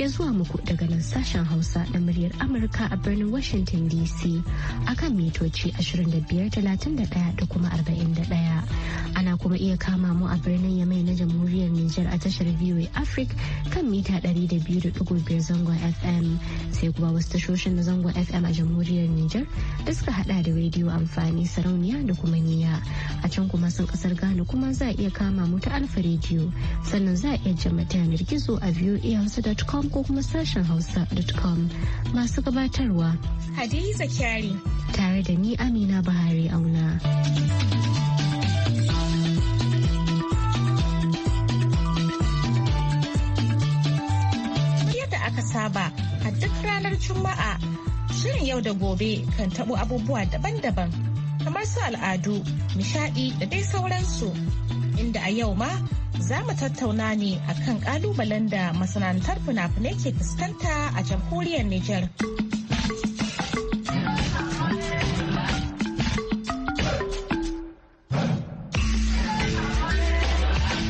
ke zuwa muku daga nan sashen Hausa na muryar Amurka a birnin Washington DC akan mitoci 2531 da kuma 41. Ana kuma iya kama mu a birnin Yamai na Jamhuriyar Nijar a tashar VOA Africa kan mita 200.5 zangon FM sai kuma wasu tashoshin na zangon FM a Jamhuriyar Nijar da suka hada da rediyo amfani sarauniya da kuma niya. A can kuma sun kasar Ghana kuma za a iya kama mu ta Alfa rediyo sannan za a iya jama'a ta yanar gizo a Hausa.com ko kuma sashen hausa.com masu gabatarwa. Hadiza Zakiyari. Tare da ni Amina Bahari Auna. Yadda aka saba a duk ranar Juma'a shirin yau da gobe kan tabo abubuwa daban-daban kamar su al'adu, nishadi da dai sauransu. Inda a yau ma za mu tattauna ne akan kalubalen da masana'antar fina-finai ke fuskanta a jamhuriyar Nijar.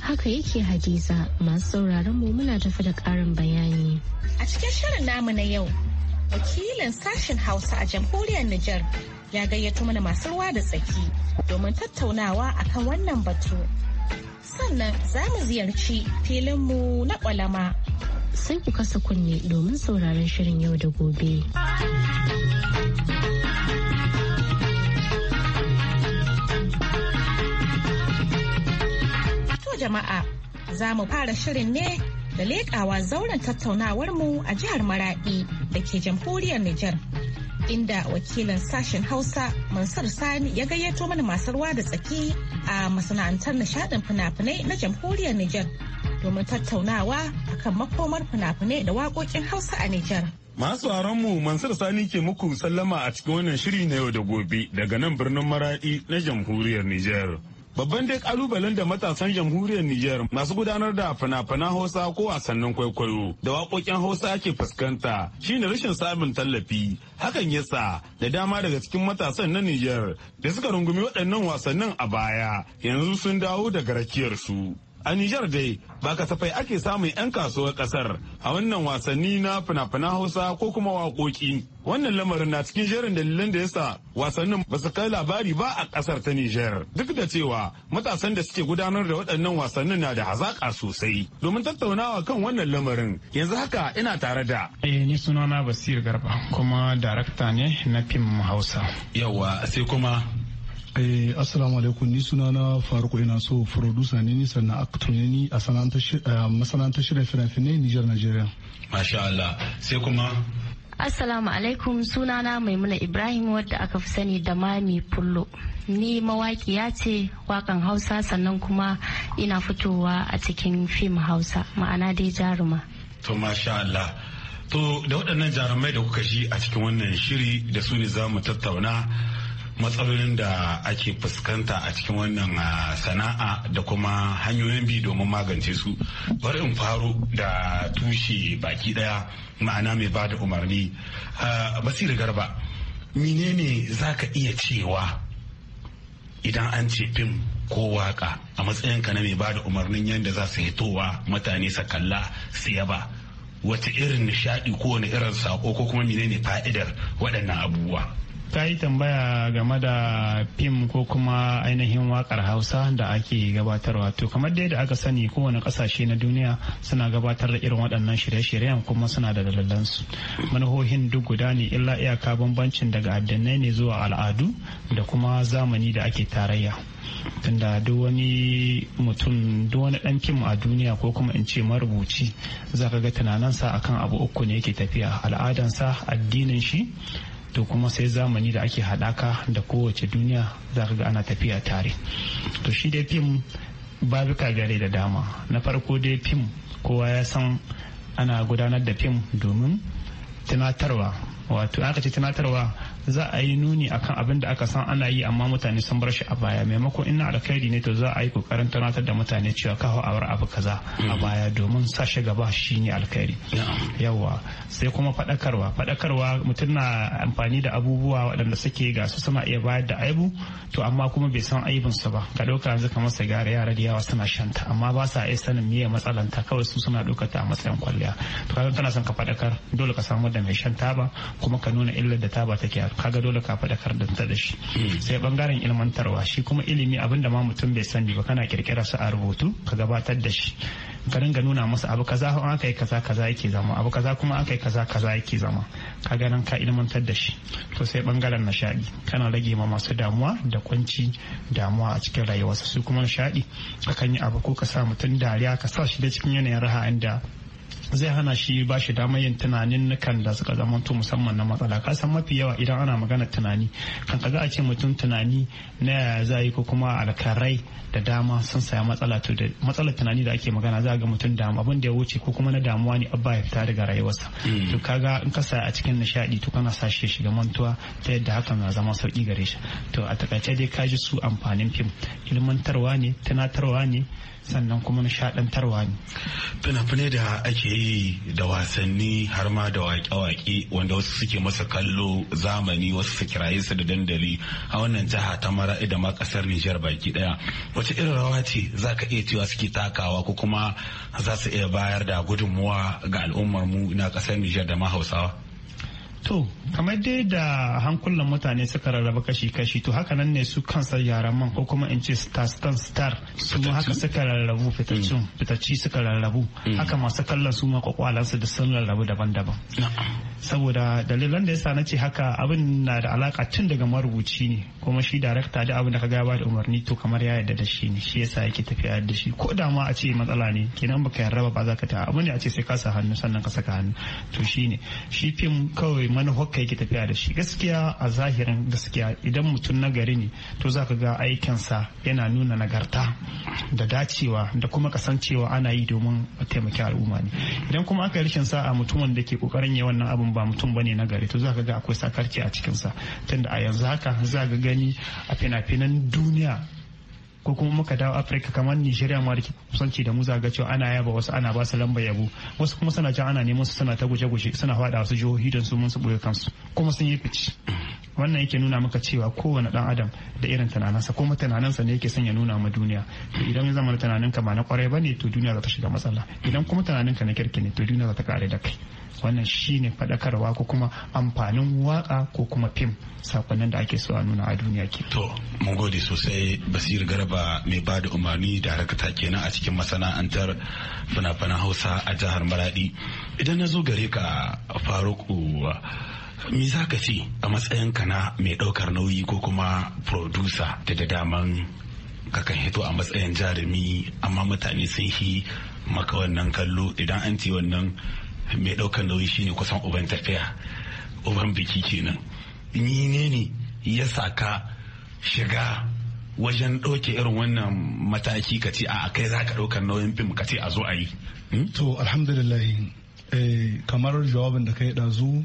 haka yake hadiza masu sauraron mu muna tafi da ƙarin bayani. A cikin shirin namu na yau, wakilin sashen Hausa a jamhuriyar Nijar ya gayyato mana masu ruwa da tsaki domin tattaunawa akan wannan batu. sannan za mu ziyarci mu na kwalama. Sai ku kasa kunne domin sauraron shirin yau da gobe. To jama'a, za mu fara shirin ne da leƙawa zauren tattaunawar mu a jihar Maraɗi da ke jamhuriyar Nijar. inda wakilin sashen Hausa Mansur Sani ya gayyato mana masu ruwa da tsaki a masana'antar nishadin fina-finai na jamhuriyar niger domin tattaunawa akan makomar fina-finai da waƙoƙin Hausa a niger. Masu mu Mansur Sani ke muku sallama a cikin wannan shiri na yau da gobe daga nan birnin Maradi na jamhuriyar niger. Babban dai kalubalen da matasan jamhuriyar Nijar masu gudanar da fina-finan Hausa ko wasannin kwaikwayo da waƙoƙin Hausa ake fuskanta shine rashin samun tallafi. Hakan yasa da dama daga cikin matasan na Nijar da suka rungumi waɗannan wasannin a baya yanzu sun dawo daga rakiyarsu. A Nijar dai ba kasafai ake samun 'yan kasuwar kasar a wannan wasanni na fina fina Hausa ko kuma waƙoƙi. Wannan lamarin na cikin jerin dalilan da yasa wasannin ba su kai labari ba a kasar ta Nijar. Duk da cewa matasan da suke gudanar da waɗannan wasannin na da hazaƙa sosai. Domin tattaunawa kan wannan lamarin yanzu haka ina tare da. Eh ni sunana Basir Garba kuma darakta ne na fim Hausa. Yawa sai kuma Eh, assalamu alaikum ni suna na faruku ina so producer ne ni sannan actor ne ni a masana'antar shirin fina-finai Nijar Najeriya. Masha Allah sai kuma Assalamu alaikum sunana Maimuna Ibrahim wadda aka fi sani da Mami pullo Ni mawaƙiya ce wakan Hausa sannan kuma ina fitowa a cikin fim Hausa ma'ana dai jaruma. To masha Allah. To da waɗannan jarumai da kuka shi a cikin wannan shiri da su ne za mu tattauna matsalolin da ake fuskanta a cikin wannan ah, sana'a da kuma hanyoyin bi domin magance su bari in faro da tushe baki daya ma'ana mai ba da umarni ah, basir garba menene za ka iya cewa idan an ce fim ko waka a matsayinka na mai ba da umarnin yadda za su hitowa mutane su kalla su yaba wata irin nishadi ko wani irin sako ko kuma menene fa'idar waɗannan abubuwa ka yi tambaya game da fim ko kuma ainihin wakar hausa da ake gabatarwa to kamar dai da aka sani kowane kasashe na duniya suna gabatar da irin waɗannan shirye-shiryen kuma suna da dalilansu manahohin duk guda ne illa iyaka bambancin daga addinai ne zuwa al'adu da kuma zamani da ake tarayya tunda duk wani mutum duk wani ɗan fim a duniya ko kuma in ce marubuci za ka ga tunaninsa akan abu uku ne yake tafiya al'adansa addinin shi to kuma sai zamani da ake haɗaka da kowace duniya za ga ana tafiya tare to shi dai fim babu gare da dama na farko dai fim kowa ya san ana gudanar da fim domin tunatarwa wato aka ce tunatarwa za a yi nuni akan abin da aka san ana yi amma mutane sun bar shi a baya maimakon ina alkhairi ne to za a yi kokarin tunatar da mutane cewa kawo a abu kaza a mm. baya domin sashe gaba shi ne alkhairi yawa sai kuma faɗakarwa faɗakarwa mutum na amfani da abubuwa waɗanda suke ga su suna iya bayar da aibu to amma kuma bai san aibin su ba ka ɗauka yanzu kamar gyara yara da yawa suna shanta amma ba sa iya sanin miye matsalanta kawai su suna ɗaukata a matsayin kwalliya to kaga kana son ka faɗakar dole ka samu da mai shan taba kuma ka nuna illar da taba take kaga dole ka faɗakar da da shi hmm. sai bangaren ilmantarwa shi kuma ilimi abinda ma mutum bai sani ba kana kirkira su a rubutu ka gabatar da shi ka ringa nuna masa abu kaza ko aka yi kaza kaza yake zama abu kaza kuma aka yi kaza kaza yake zama ka ga nan ka ilmantar da shi to sai bangaren nishadi kana rage ma masu damuwa da kwanci damuwa a cikin rayuwarsa su kuma nishadi akan yi abu ko ka sa mutum dariya ka sa shi da cikin yanayin raha inda zai hana shi ba shi damar yin tunanin nukan da suka zamanta musamman na matsala ka san mafi yawa idan ana magana tunani kan ka a ce mutum tunani na yaya za yi ko kuma alkarai da dama sun saya matsala to da matsalar tunani da ake magana za ga mutum da abin da ya wuce ko kuma na damuwa ne abba ya fita daga rayuwarsa mm. to kaga in ka saya a cikin nishadi to kana sa shi shiga mantuwa ta yadda hakan na zama sauki gare shi to a takaice dai kaji su amfanin fim ilmantarwa ne tunatarwa ne sannan kuma nishadantarwa ne fina-finai da ake yi da wasanni har ma da waƙe-waƙe wanda wasu suke masa kallo zamani wasu su kiraye su da dandali a wannan jiha ta mara da ma kasar Nijar baki ɗaya wace irin rawa ce za ka iya cewa suke takawa ko kuma za su iya bayar da gudunmuwa ga al'ummar mu na ƙasar Nijar da ma Hausawa To, kamar dai da hankulan mutane suka rarraba kashi-kashi to haka nan ne su kansa yaran man ko kuma in ce star star su haka suka rarrabu fitaccen mm. fitacci suka rarrabu mm. haka masu kallon su ma kwakwalansu da sun rarrabu daban-daban. Saboda dalilan da ya sa na ce haka abin na da alaka tun daga marubuci ne kuma shi darakta da abin da ka ba da umarni to kamar ya yarda da shi ne shi yasa yake tafiya da shi ko da ma a ce matsala ne kenan baka yarraba ba za ka ta abin da a ce sai ka sa hannu sannan ka saka hannu to shi ne shi fim kawai manufar ka yake tafiya da shi gaskiya a zahirin gaskiya idan mutum na gari ne to za ka ga aikinsa yana nuna nagarta da dacewa da kuma kasancewa ana yi domin a taimaki al'umma ne idan kuma aka rashin sa'a mutumin da ke kokarin yi wannan abin ba mutum bane na gari to za ka ga akwai sakarci a cikin sa tunda a yanzu haka za ka ga gani a fina-finan duniya ko kuma muka dawo afirka kamar nigeria ma da kusanci da mu zaga cewa ana yaba wasu ana ba su lamba yabo wasu kuma suna can ana neman su suna ta guje-guje suna fada wasu jihohi don su mun su ɓoye kansu kuma sun yi fice wannan yake nuna maka cewa kowane dan adam da irin tunaninsa kuma tunaninsa ne yake son ya nuna ma duniya to idan ya zama tunaninka ba na kwarai ba ne to duniya za ta shiga matsala idan kuma tunaninka na kirki ne to duniya za ta kare da kai wannan shine faɗakarwa ko kuma amfanin waka ko kuma fim sakonnin da ake so a nuna a duniya ke to mun gode sosai basir garba mai bada umarni da harkata kenan a cikin masana'antar fina-finan hausa a jihar maradi idan na zo gare ka faruku me za ka ce a matsayinka na mai ɗaukar nauyi ko kuma producer da da daman kakan hito a matsayin jarumi amma mutane sun hi maka wannan kallo idan an ce wannan mai ɗaukar nauyi shine kusan uban tafiya uban biki kenan ni ne ne ya saka shiga wajen ɗauke irin wannan mataki ka ce a kai za ka ɗaukar nauyin fim ka ce a zo a yi hmm? to alhamdulillah eh, kamar jawabin da ka yi ɗazu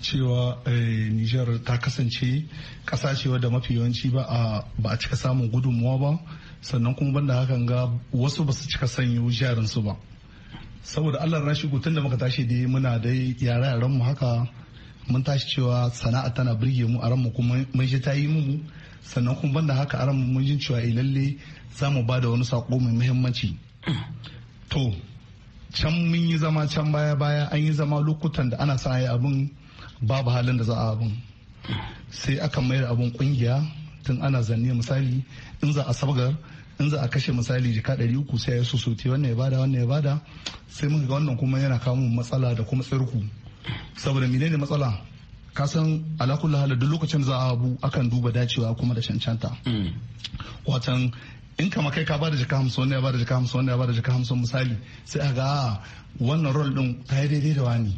cewa eh, Nijar ta kasance ƙasa ce wadda mafi yawanci ba a cika samun gudunmuwa ba sannan kuma banda hakan ga wasu ba su cika sanyo su ba saboda allah na shigo tun da muka tashi dai muna dai yare mu haka mun tashi cewa sana'a tana birge mu a ranmu kuma mun shi ta yi mu sannan kuma banda haka a ranmu mun jin cewa eh, lalle za mu ba da wani sako mai muhimmanci to can mun yi zama can baya baya an yi zama lokutan da ana sa abin babu halin da za a abin sai aka mayar abin kungiya tun ana zanne misali in za a sabgar in za a kashe misali jika ɗari uku sai ya sosote wannan ya bada wannan ya bada sai muka ga wannan kuma yana kawo matsala da kuma tsirku saboda menene matsala ka san alakul hala duk lokacin za a abu akan duba dacewa kuma da cancanta watan in kama kai ka bada jika hamsin wannan ya bada jika hamsin wannan ya bada jika hamsin misali sai a ga wannan rol din ta yi daidai da wani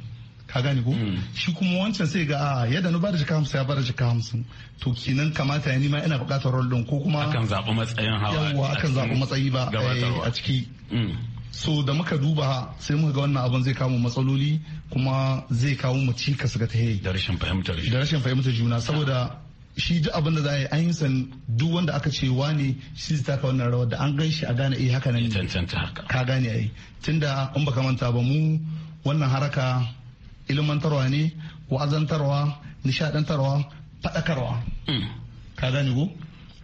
ka gane ko mm. shi kuma wancan sai ga a ah, yadda na bada jika hamsin ya bada jika hamsin to kenan kamata ya nima ina bukatar rol din ko kuma akan zaɓi matsayin hawa yawa akan zaɓi matsayi ba eh, a ciki mm. so da muka duba sai muka ga wannan abin zai kawo matsaloli kuma zai kawo mu cikas ga ta da rashin fahimtar da rashin fahimtar juna saboda shi duk abin da za a yi an yi san duk wanda aka ce ne shi zai taka wannan rawar da an gan shi a gane eh haka nan ka gane ai tunda in baka manta ba mu wannan haraka ilmantarwa ne wa'azantarwa nishadantarwa faɗakarwa hmm. ka gane ko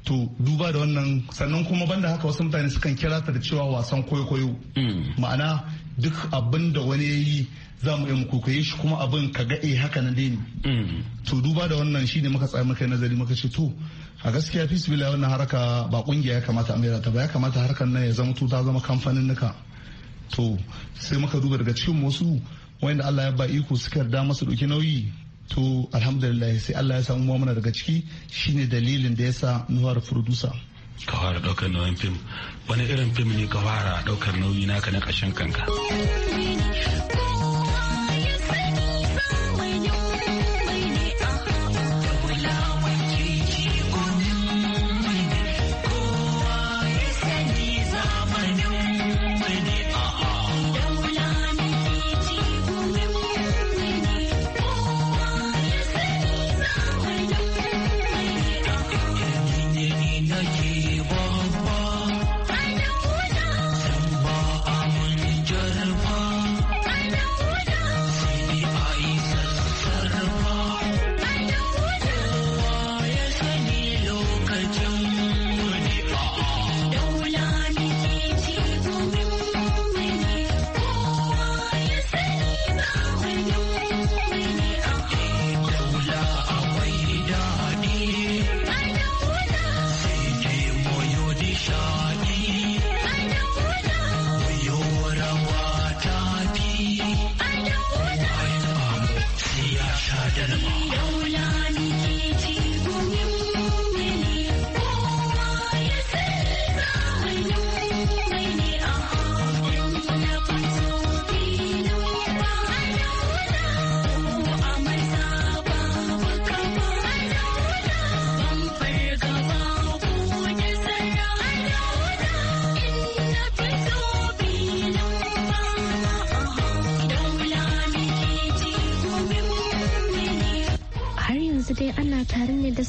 to duba da wannan sannan kuma banda haka wasu mutane sukan kira ta da cewa wasan koyo koyo. Hmm. ma'ana duk abin da wani ya yi za mu iya muku kai shi kuma abin ka ga eh haka na dai hmm. to duba da wannan shi ne muka tsaya muka nazari muka ce to a gaskiya fisbila wannan haraka ba kungiya ya kamata a mera ta ba ya kamata harkar nan ya zama tuta zama kamfanin nuka to sai muka duba daga cikin wasu wanda Allah ya ba iko suka da masa dauki nauyi to alhamdulillah sai Allah ya samu mana daga ciki shine dalilin da yasa sa fara producer ka fara daukar nauyin fim wani irin fim ne ka fara daukar nauyi naka na kashin kanka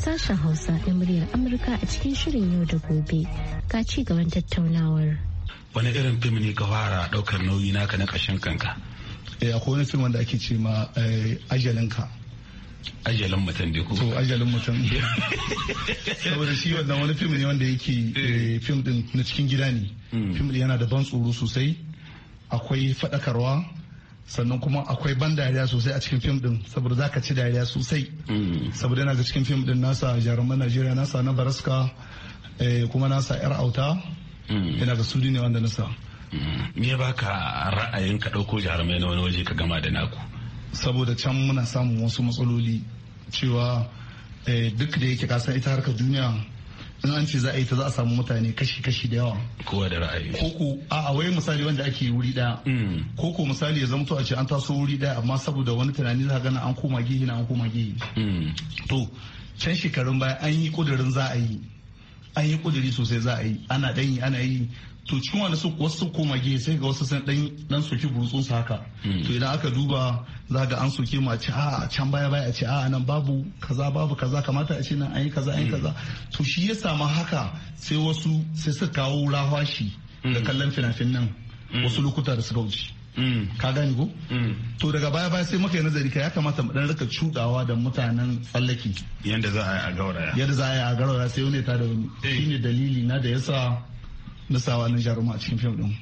sashen Hausa na muryar Amurka a cikin shirin yau da gobe ga ci gaban tattaunawar. Wani irin fim ne ka fara ɗaukar nauyi naka na ƙashin kanka? Eh akwai wani fim wanda ake ce ma eh, ka. ajalin mutum da ku. To ajalin mutum. Saboda shi wannan wani fim ne wanda yake eh, fim din na cikin gida ne. Hmm. Fim din yana da ban tsoro sosai. Akwai faɗakarwa sannan kuma akwai ban dariya sosai a cikin fim din saboda za ka ci dariya sosai mm. saboda yana ga cikin fim din nasa jaruman najeriya nasa na baraska eh, kuma nasa yar auta mm. yana ga su ne wanda nasa mm. me ba ka ra'ayin ka ɗauko jarumai na wani waje ka gama da naku saboda can muna samun wasu matsaloli cewa eh, duk da yake kasan ita harkar duniya in an ce za a yi ta za a samu mutane kashi-kashi da yawa kowa da ra'ayi koko a wai misali wanda ake wuri daya koko mm. misali ya zama zamto a ce an taso wuri daya amma saboda wani tunani za gana an koma gihi na an koma gihi mm. to can shekarun baya an yi kudurin za a yi an yi kuduri sosai za a yi ana dan yi ana yi to cikin wanda su wasu koma gehe sai ga wasu san dan dan soki burutsun su haka hmm. to idan aka duba za ga an soke mu a a can baya baya a ci a nan babu kaza babu kaza kamata a ce nan an yi kaza an yi kaza hmm. to shi ya samu haka sai wasu sai suka kawo rahashi da hmm. kallon fina-finan wasu lokuta da suka wuce ka gani ko to daga baya baya sai muka yi nazari ka ya kamata mu dan rika cudawa da mutanen tsallaki yadda za a yi a gauraya yadda za a yi a gauraya sai wani ta da wani eh. shine dalili na da yasa na sawa na jaruma a cikin fim din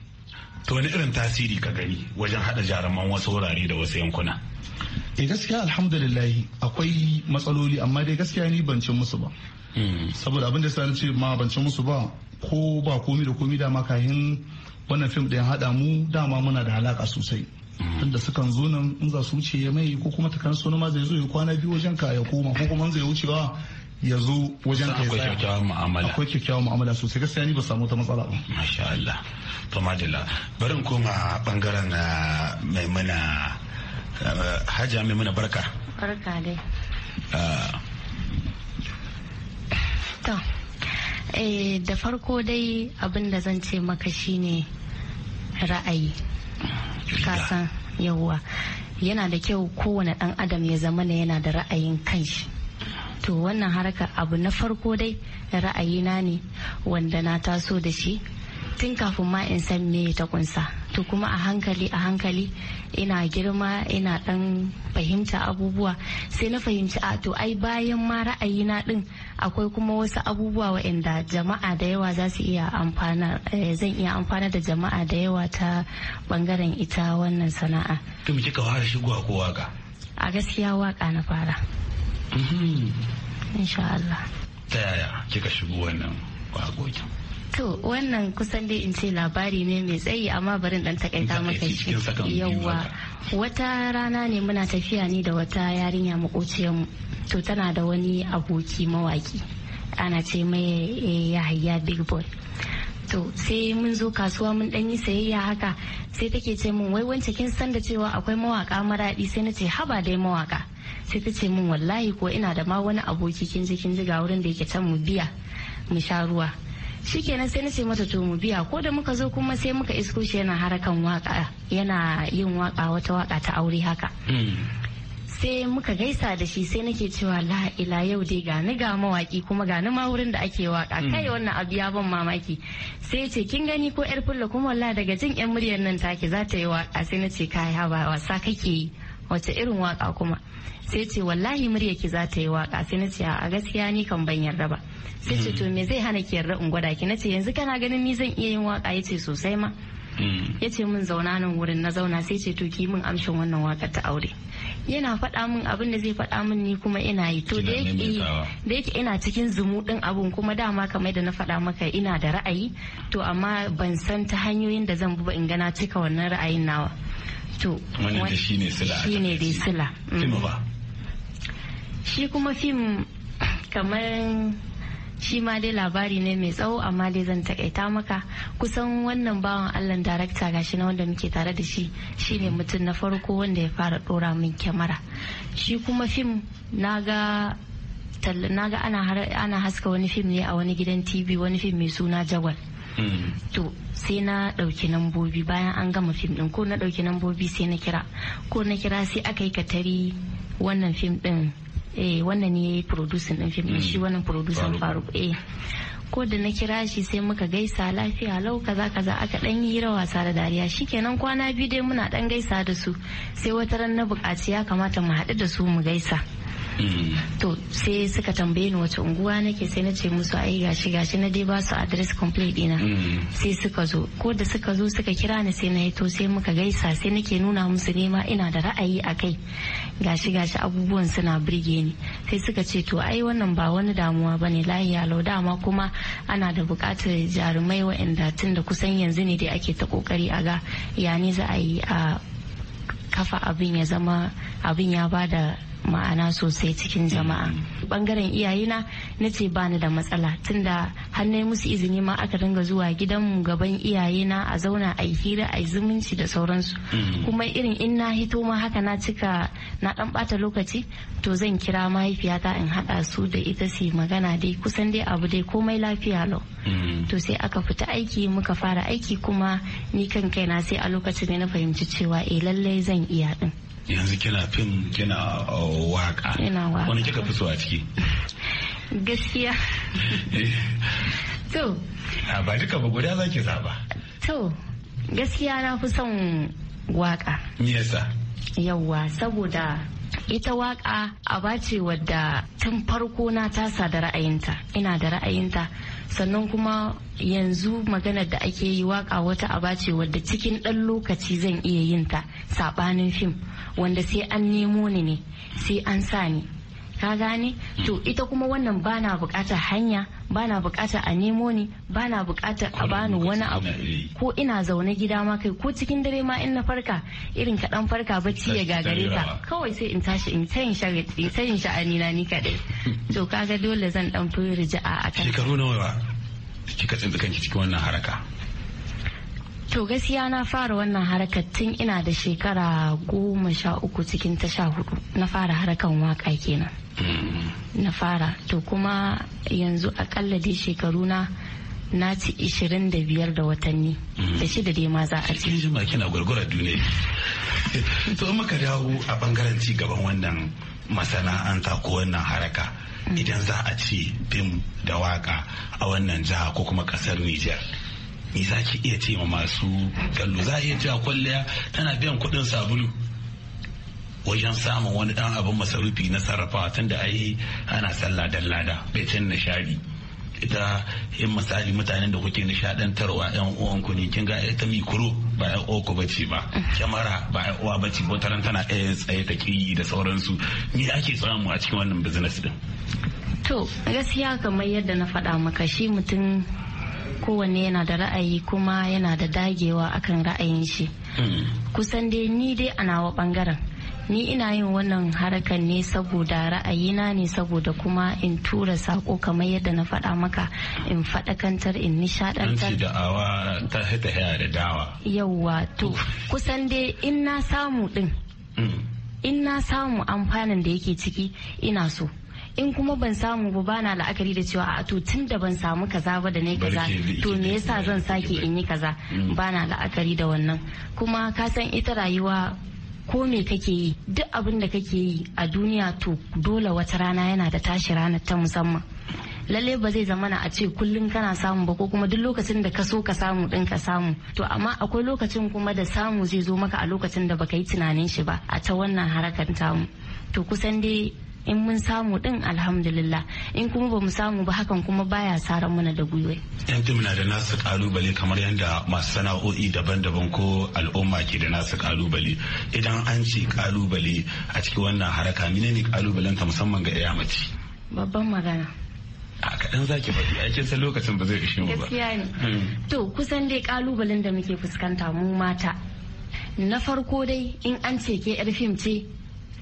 to wani irin tasiri ka gani wajen hada jaruman wasu wurare da wasu yankuna eh gaskiya alhamdulillah akwai matsaloli amma dai gaskiya ni ban cin musu ba hmm. saboda abin da sa ce ma ban cin musu ba ko ba komi da komi dama kahin wannan fim din haɗa mu dama muna da alaka sosai hmm. tunda sukan zo nan in za su wuce ya mai ko kuma takan so ma zai zo ya kwana biyu wajen ka ya koma ko kuma zai wucewa ya zo wajen ka akwai kyakkyawar mu'amala akwai kyakkyawar mu'amala sosai gaskiya ni ba samu ta matsala ba masha Allah to madalla barin koma bangaren ah, maimuna ah, hajja maimuna barka barka dai ah. to eh da farko dai abin da zan ce maka shine ra'ayi kasan yawwa yana da kyau kowane dan adam ya zama yana da ra'ayin kanshi to wannan harka abu na farko dai ra'ayina ne wanda na taso da shi tun kafin ma in san me ta kunsa to kuma a hankali a hankali ina girma ina dan fahimta abubuwa sai na fahimci a to ai bayan ma ra'ayina din akwai kuma wasu abubuwa waɗanda jama'a da yawa za su iya amfana eh, zan iya amfana da jama'a da yawa ta bangaren ita wannan sana'a to me kika fara shigowa ko waka a gaskiya waka na fara Mhm. insha ta yaya kika shigo wannan to wannan kusan dai in ce labari ne mai tsayi amma barin dan takaita maka shi yawwa wata rana ne muna tafiya ne da wata yarinya makociyar to tana da wani aboki mawaki ana ce mai eh, yahaya big boy to sai mun zo kasuwa mun dan yi sayayya haka sai take ce mun wai wance kin san da cewa akwai mawaka maradi sai na ce haba dai mawaka sai ta ce mun wallahi ko ina da ma wani aboki kin ji kin ji ga wurin da yake can mu biya mu sha ruwa shikenan sai na ce mata to mu biya ko da muka zo kuma sai muka isko shi yana harakan waka yana yin waka wata waka ta aure haka hmm. sai muka gaisa da shi sai nake cewa la ila yau dai ga ni ga mawaki kuma ga ni ma wurin da ake waka mm. kai wannan abu ya ban mamaki sai ce kin gani ko yar fulla kuma wallahi daga jin yan muryar nan take za ta yi waka sai na ce kai ha ba wasa kake yi wace irin waka kuma sai ce wallahi murya ki za ta yi waka sai na ce a gaskiya ni kan ban yarda ba sai ce to me zai hana ki yarda in gwada ki na ce yanzu kana ganin ni zan iya yin waka ya ce sosai ma mm. ya ce min zauna nan wurin na zauna sai ce to ki min amshin wannan wakar ta aure yana faɗa min abin da zai faɗa min ni kuma ina yi to da yake ina cikin zumuɗin abun kuma dama kamar da na faɗa maka ina da ra'ayi to amma ban san ta hanyoyin da zan bi ba in gana cika wannan ra'ayin nawa to wannan shine dai sila mm. shi kuma fim kamar shi ma dai labari ne mai tsawo amma dai zan takaita maka kusan wannan bawan allah darakta gashi na wanda muke tare da shi shine mutum na farko wanda ya fara dora min kyamara shi kuma fim na ga naga ana haska wani fim ne a wani gidan tv wani fim mai suna jagwal hmm. to sai na ɗauki nambobi bayan an gama fim ɗin ko na ɗauki nambobi sai na kira ko na kira sai aka yi katari wannan fim ɗin eh wannan ne yayi producing din film shi mm. wannan producer Faruk eh ko da na kira shi sai muka gaisa lafiya lau kaza kaza aka dan yi hira wasa da dariya shikenan kwana biyu dai muna dan gaisa da su sai wata ran na bukaci ya kamata mu haɗu da su mu gaisa Eh. to sai suka tambaye ni wace unguwa nake sai na ce musu ai gashi gashi na dai ba su address complete dina mm. sai suka zo ko da suka zo suka kira ni sai na yi to sai muka gaisa sai nake nuna musu nema ina da ra'ayi a kai gashi gashi abubuwan suna burge ni sai suka ce to ai wannan ba wani damuwa bane lahiya lau dama kuma ana da bukatar jarumai wa'anda tun da kusan yanzu ne dai ake ta kokari a ga ya ne za a yi a kafa abin ya zama abin ya bada ma'ana sosai cikin jama'a bangaren iyayena na ce bani da matsala tunda har na musu izini ma aka dinga zuwa gidan gidanmu gaban iyayena a zauna a yi hira a zumunci da sauransu mm. kuma irin in na hito ma haka na cika na dan bata lokaci to zan kira mahaifiyata in haɗa su da ita su magana dai kusan dai abu dai komai lafiya lau mm. to sai aka fita aiki muka fara aiki kuma ni kan kaina sai a lokacin ne na fahimci cewa eh lallai zan iya din yanzu kina fim kina uh, waka wani kika fi so a ciki gaskiya eh. to ah, ba duka ba guda zaki zaba to gaskiya na fi son waka me yasa yawwa saboda ita waka a ce wadda tun farko na tasa da ra'ayinta ina da ra'ayinta sannan kuma yanzu maganar da ake yi waka wata aba ce wadda cikin ɗan lokaci zan iya yin ta sabanin fim wanda sai an nemo ni ne sai an sa ni ka gane to ita kuma wannan bana bukatar hanya bana bukatar a nemo ni bana bukatar a bani wani abu ko ina zaune gida ma kai ko cikin dare ma in na farka irin kaɗan farka bacci ya gagare ka kawai sai in tashi in tayin tayin sha'ani na ni kaɗai to kaga dole zan dan fi rija'a akan shekaru nawa kika tsinta kanki cikin wannan haraka To gaskiya na fara wannan harkar tun ina da shekara goma sha uku cikin ta sha hudu na fara harkan waka kenan. Mm-hmm. Na fara to kuma yanzu akalla dai shekaru na na ci 25 da watanni mm-hmm. da shida dai ma za a ci. Kin ma kina gurgura duniya. To muka dawo a bangaren ci gaban wannan masana'anta ko wannan haraka mm. idan za a ci fim da waka a wannan jiha ko kuma kasar Nijar. Ni za ki iya ce ma masu kallo za a iya cewa kwalliya tana biyan kuɗin sabulu wajen samun wani dan abin masarufi na sarrafawa tunda ai ana sallah dan lada bai cin nishadi ita yin misali mutanen da kuke nishadantarwa yan uwan ku ne kin ga ita mikro ba yan uwa ku bace ba kyamara ba yan uwa bace ba tana tana tsaye ta kiyi da sauransu Ni ake samu a cikin wannan business din to gaskiya kamar yadda na faɗa maka shi mutum kowanne yana da ra'ayi kuma yana da dagewa akan ra'ayin shi kusan dai ni dai a nawa bangaren ni ina yin wannan harkar ne saboda ra'ayina ne saboda kuma in tura sako kamar yadda na faɗa maka in faɗakantar in nishaɗantar ta da dawa yauwa to kusan dai in na samu ɗin mm. in na samu amfanin da yake ciki ina so in kuma ban samu ba bana la'akari da cewa a to tun da ban samu kaza ba da nai kaza to me yasa zan sake in yi kaza mm. bana la'akari da wannan kuma ka san ita rayuwa ko me kake yi duk abin da kake yi a duniya to dole wata rana yana da tashi rana ta musamman lalle ba zai zama na a ce kullum kana samu ba ko kuma duk lokacin da ka so ka samu din ka samu to amma akwai lokacin kuma da samu zai zo maka a lokacin da baka yi tunanin shi ba a ta wannan harakan tamu to kusan dai in mun samu din alhamdulillah in kuma ba mu samu ba hakan kuma baya saran mana da gwiwa yan na da nasu kalubale kamar yadda masu sana'o'i daban-daban ko al'umma ke da nasu kalubale idan an ce kalubale a cikin wannan haraka ne kalubalen ta musamman ga iya mace babban magana a kaɗan zaki faɗi aikin sa lokacin ba zai ishe mu ba gaskiya ne hmm. to kusan dai kalubalen da muke fuskanta mu mata na farko dai in an ce ke yar fim ce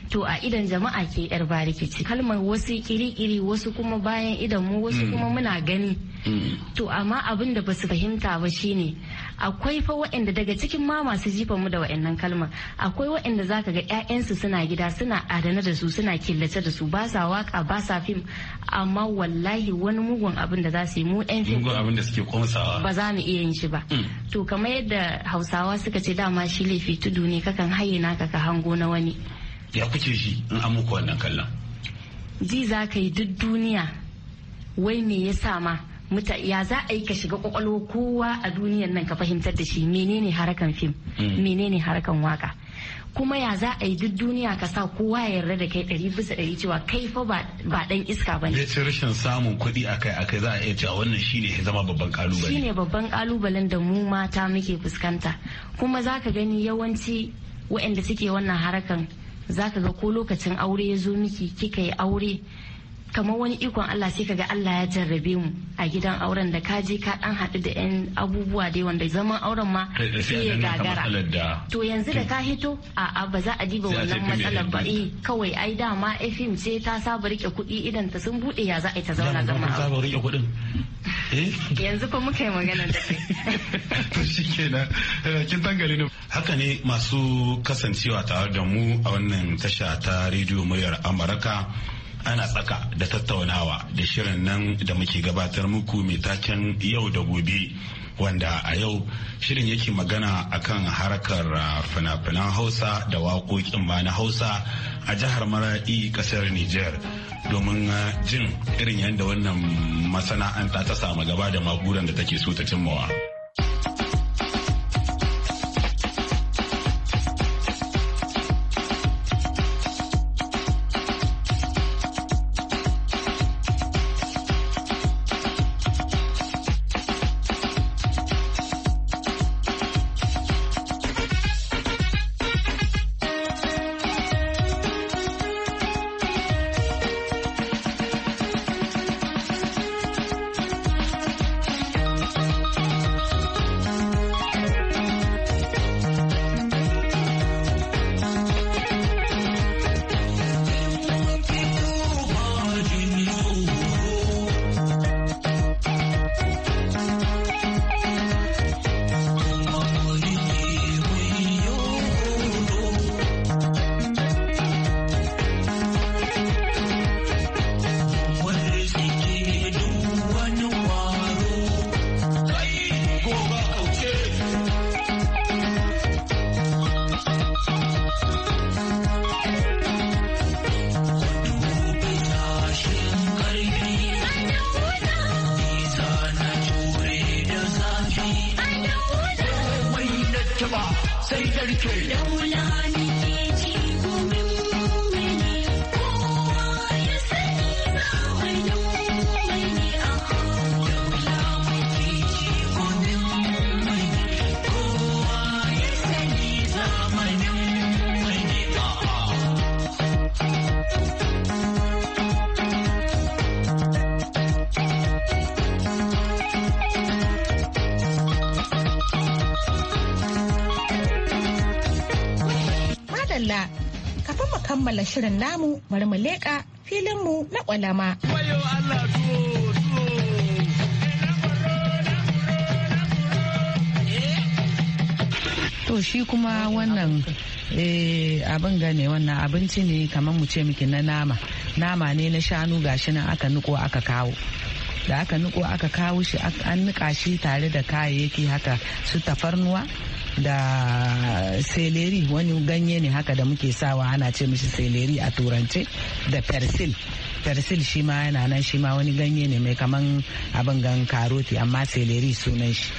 to a idan jama'a ke yar barikici kalmar wasu kiri-kiri wasu kuma bayan idan mu wasu kuma mm. muna gani mm. to amma abin da basu fahimta ba shine akwai fa waɗanda daga cikin ma masu jifa mu da waɗannan kalmar akwai waɗanda zaka ga ƴaƴansu suna gida suna adana da su suna killace da su ba sa waka ba sa fim amma wallahi wani mugun abin da za su yi mu ɗan fim mugun abin da suke kumsawa ba za mu iya yin shi ba mm. to kamar yadda Hausawa suka ce dama shi laifi tudu ne kakan hayyana ka ka hango na wani ya kuke shi in an muku wannan kallon ji za ka yi duk duniya wai me ya sa ma muta ya za a yi ka shiga kwakwalwa kowa a duniyan nan ka fahimtar da shi menene harakan fim mm. menene harakan waka kuma ya za a yi duk duniya ka sa kowa ya yarda da kai ɗari bisa ɗari cewa kai fa ba ɗan iska ba ne. Ya rashin samun kuɗi a kai za a iya cewa wannan shine ya zama babban ƙalubale. Shine babban ƙalubalen da mu mata muke fuskanta kuma za ka gani yawanci waɗanda suke wannan harakan za ka ga ko lokacin aure ya zo miki kika yi aure kamar wani ikon Allah sai kaga Allah ya jarrabe mu a gidan auren da ka je ka dan haɗu da yan abubuwa dai wanda zaman auren ma sai ya gagara to yanzu da ka hito a ba za a diba wannan matsalar ba eh kawai ai dama FM ce ta saba rike kuɗi idan ta sun bude ya za a yi ta zauna zama saba rike kuɗin eh? yanzu fa muka yi magana da kai to shikenan eh, kin tangale ne haka ne masu kasancewa tare da mu a wannan tasha ta rediyo muryar Amurka ana tsaka da tattaunawa da shirin nan da muke gabatar muku mai taken yau da gobe wanda a yau shirin yake magana akan harkar uh, fina-finan hausa da waƙoƙin ba na hausa a jihar maraɗi ƙasar niger domin uh, jin irin yadda wannan masana'anta ta samu gaba da maguran da take so ta cimmawa. kammala shirin namu bari mu leƙa filinmu na ƙwalama. To shi kuma wannan eh, abin gane wannan abinci ne kamar mu ce miki na nama. Nama ne na shanu gashi nan aka niko aka kawo. Da aka niko aka kawo shi an nika shi tare da kayayyaki haka su tafarnuwa da seleri wani ganye ne haka da muke sawa ana ce mishi seleri a turance da persil persil shi ma yana nan shi ma wani ganye ne mai kaman abin gan karoti amma seleri sunan shi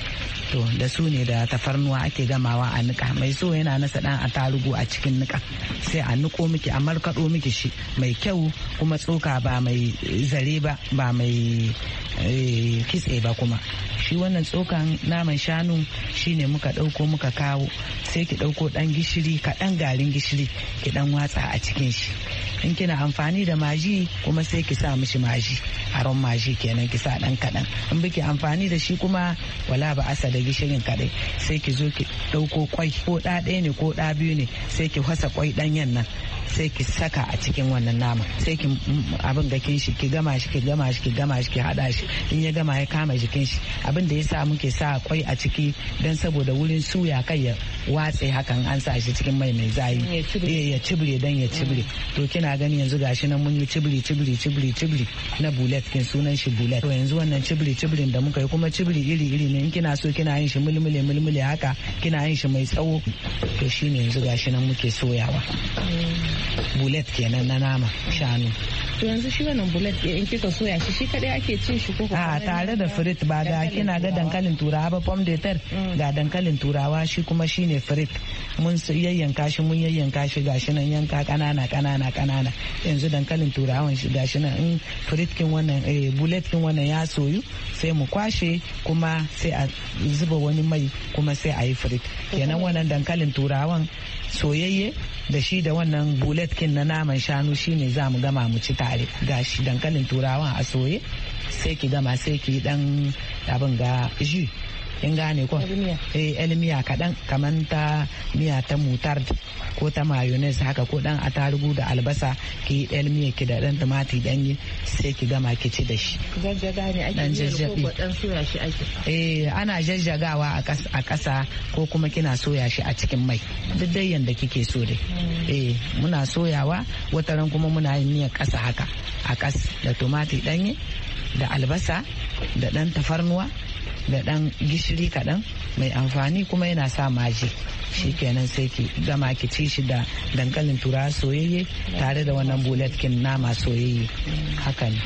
to da su ne da tafarnuwa ake gamawa a nika mai so yana nasa dan a tarugu a cikin nika sai a niko miki a markaɗo miki shi mai kyau kuma tsoka ba mai zare ba ba mai eh, kitse ba kuma shi wannan tsokan naman shanu shine muka ɗauko muka kawo sai ki ɗauko ɗan gishiri kaɗan garin gishiri ki ɗan watsa a cikin shi in kina amfani da maji kuma sai ki sa mishi maji aron maji kenan ki sa ɗan kaɗan in biki amfani da shi kuma wala ba asa da gishirin kaɗai sai ki zo ki ɗauko kwai ko ɗa ɗaya ne ko ɗa biyu ne sai ki fasa kwai ɗanyen nan sai ki saka a cikin wannan nama sai ki abin da kin shi ki gama shi ki gama shi ki gama shi ki hada shi in ya gama ya kama jikin shi abin da ya sa muke sa kwai a ciki dan saboda wurin suya kai watse hakan an sa shi cikin mai mai zayi ya cibire dan eh, ya cibire mm. to kina gani yanzu gashi nan mun yi cibiri cibiri cibiri cibire na bullet kin sunan shi bullet to yanzu wannan cibiri cibirin da muka yi kuma cibiri iri iri ne in kina so kina yin shi mulmule mulmule haka kina yin shi mai tsawo to shine yanzu gashi nan muke soyawa mm. bullet kenan na nama shanu to yanzu shi wannan bullet in kika soya shi shi kadai ake cin shi ko a ah, tare da frit ba ga kina ga dankalin turawa ba pom de terre mm. ga dankalin turawa shi kuma shine shine firit mun yayyanka shi mun yayyanka shi gashi nan yanka kanana kanana kanana yanzu dankalin turawan shi gashi nan in firit kin wannan eh, bullet kin wannan ya soyu sai mu kwashe kuma sai a zuba wani mai kuma sai a yi firit kenan wannan dankalin turawan soyayye da shi da wannan bullet kin na naman shanu shine za mu gama mu ci tare gashi dankalin turawan a soye sai ki gama sai ki dan abin ga ji in gane ko eh elmiya kaɗan kamar ta miya ta mutar ko ta mayonnaise haka ko dan atarugu da albasa ki elmiya ki da dan tumatir yi sai ki gama ki ci da shi dan jajjabi eh ana jajjagawa a ƙasa ko kuma kina soya shi a cikin mai duk dai yanda kike so dai hmm. eh, muna soyawa ran kuma muna yin miyar kasa haka a kas da tumatir danye da albasa da dan tafarnuwa da dan gishiri kaɗan mai amfani kuma yana sa maji shi kenan sai ki gama ki ci shi da dankalin tura soyayye tare da wannan buletkin nama soyayye haka ne.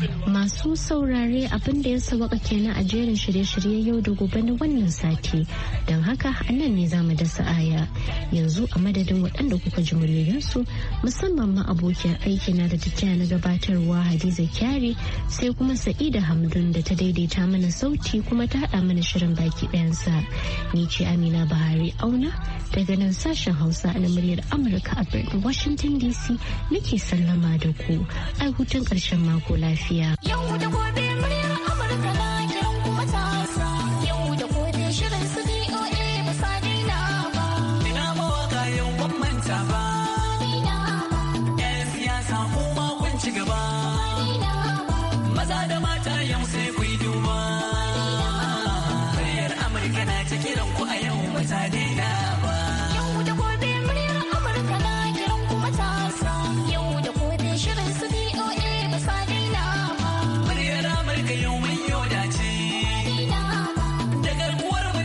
a Masu saurare abin da ya sabaka kenan a jerin shirye-shirye yau da gobe na wannan sati. Don haka nan ne zamu dasa aya. Yanzu a madadin waɗanda kuka ji muryoyinsu musamman ma abokiyar aiki na da tattaya na gabatarwa Hadiza Kyari sai kuma Sa'ida Hamdun da ta daidaita mana sauti kuma ta haɗa mana shirin baki ɗayansa. Ni ce Amina Bahari Auna daga nan sashen Hausa na muryar Amurka a birnin Washington DC nake sallama da ku. Ai hutun karshen mako lafiya. lafiya. Yau da gobe muryar Amurka na